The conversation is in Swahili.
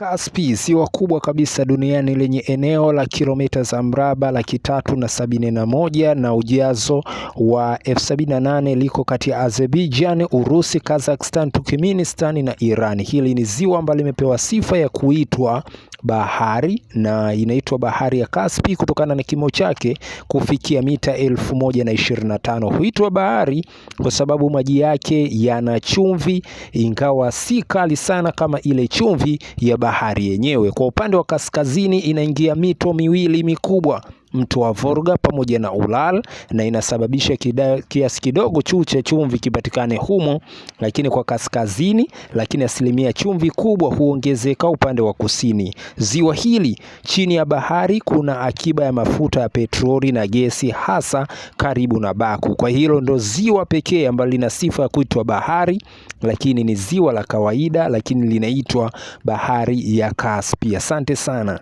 Kaspi, ziwa kubwa kabisa duniani lenye eneo la kilomita za mraba laki tatu na sabini na moja na ujazo wa elfu sabini na nane liko kati ya Azerbaijan, Urusi, Kazakhstan, Turkmenistan na Iran. Hili ni ziwa ambalo limepewa sifa ya kuitwa bahari na inaitwa bahari ya Kaspi kutokana na kimo chake kufikia mita elfu moja na ishirini na tano. Huitwa bahari kwa sababu maji yake yana chumvi, ingawa si kali sana kama ile chumvi ya bahari yenyewe. Kwa upande wa kaskazini inaingia mito miwili mikubwa mto wa Volga pamoja na Ural na inasababisha kiasi kidogo chuu cha chumvi kipatikane humo, lakini kwa kaskazini, lakini asilimia chumvi kubwa huongezeka upande wa kusini. Ziwa hili chini ya bahari kuna akiba ya mafuta ya petroli na gesi, hasa karibu na Baku. Kwa hilo ndo ziwa pekee ambalo lina sifa ya kuitwa bahari, lakini ni ziwa la kawaida, lakini linaitwa bahari ya Kaspi. Asante sana.